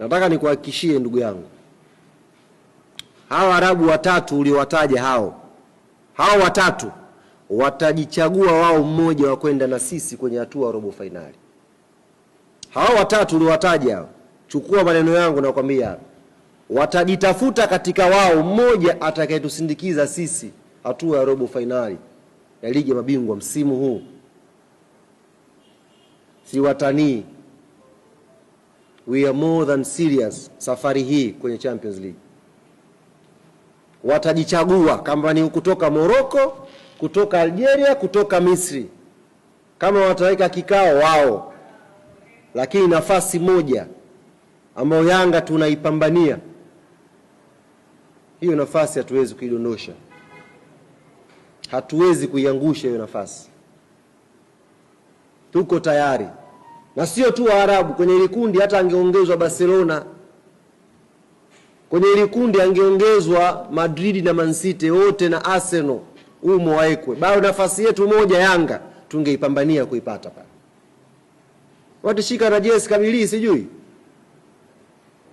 Nataka nikuhakikishie ndugu yangu, hawa Arabu watatu uliowataja hao hao watatu watajichagua wao mmoja wa kwenda na sisi kwenye hatua ya robo fainali. Hao watatu uliowataja chukua maneno yangu na kwambia, watajitafuta katika wao mmoja atakayetusindikiza sisi hatua ya robo fainali ya ligi ya mabingwa msimu huu, si watanii we are more than serious safari hii kwenye Champions League. Watajichagua kama ni kutoka Morocco, kutoka Algeria, kutoka Misri, kama wataweka kikao wao, lakini nafasi moja ambayo Yanga tunaipambania hiyo nafasi, hatuwezi kuidondosha, hatuwezi kuiangusha hiyo nafasi, tuko tayari na sio tu Waarabu. Kwenye ile kundi hata angeongezwa Barcelona, kwenye ile kundi angeongezwa Madrid na Man City wote na Arsenal umo waekwe, bado nafasi yetu moja Yanga tungeipambania kuipata pale. Watu shika na jezi kamili, sijui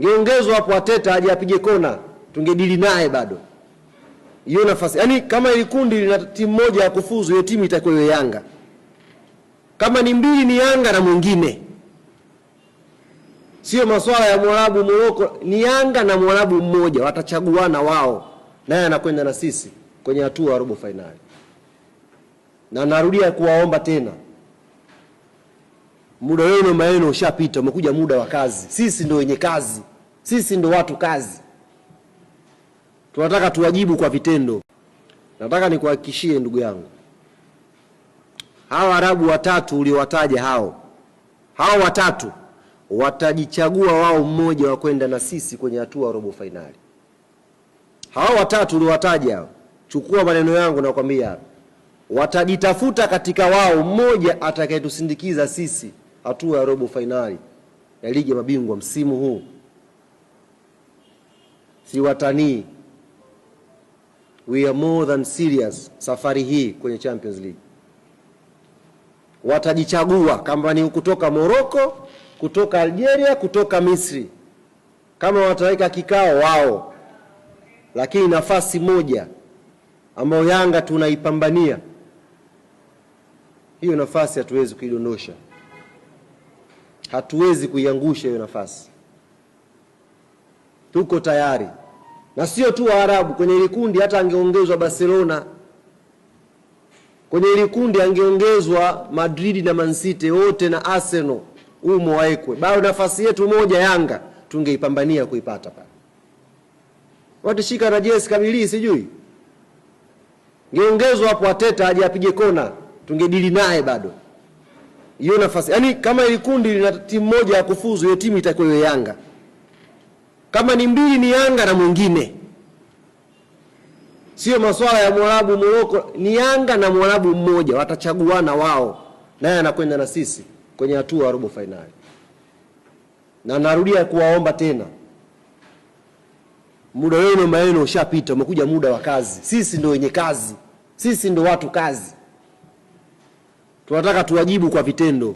ngeongezwa hapo Ateta aje apige kona, tungedili naye bado hiyo nafasi. Yaani kama ile kundi lina timu moja ya kufuzu, hiyo timu itakuwa Yanga. Kama ni mbili ni Yanga na mwingine, sio masuala ya mwarabu Moroko. Ni Yanga na mwarabu mmoja, watachaguana wao, naye anakwenda na sisi kwenye hatua ya robo fainali. Na narudia kuwaomba tena, muda wenu maeno ushapita, umekuja muda wa kazi. Sisi ndio wenye kazi, sisi ndio watu kazi, tunataka tuwajibu kwa vitendo. Nataka nikuhakikishie ndugu yangu hawa Arabu watatu uliowataja hao hao watatu watajichagua wao mmoja wa kwenda na sisi kwenye hatua ya robo fainali. Hao watatu uliowataja chukua maneno yangu na kwambia, watajitafuta katika wao mmoja atakayetusindikiza sisi hatua ya robo fainali ya ligi ya mabingwa msimu huu. Si watanii, we are more than serious safari hii kwenye Champions League watajichagua kama ni kutoka Moroko, kutoka Algeria, kutoka Misri, kama wataweka kikao wao, lakini nafasi moja ambayo Yanga tunaipambania hiyo nafasi, hatuwezi kuidondosha, hatuwezi kuiangusha hiyo nafasi. Tuko tayari, na sio tu Waarabu kwenye ile kundi, hata angeongezwa Barcelona Kwenye ile kundi angeongezwa Madrid na Man City wote na Arsenal umo waekwe, bado nafasi yetu moja Yanga tungeipambania kuipata pale. Watu shika na jezi kamili, sijui ngeongezwa hapo Ateta aje apige kona, tungedili naye bado hiyo nafasi. Yani kama ile kundi lina timu moja ya kufuzu, hiyo timu itakuwa Yanga, kama ni mbili ni Yanga na mwingine sio masuala ya Mwarabu Moroko. Ni Yanga na Mwarabu mmoja watachaguana wao, naye anakwenda na sisi kwenye hatua ya robo fainali. Na narudia kuwaomba tena, muda wenu maeno ushapita, umekuja muda wa kazi. Sisi ndio wenye kazi, sisi ndio watu kazi, tunataka tuwajibu kwa vitendo.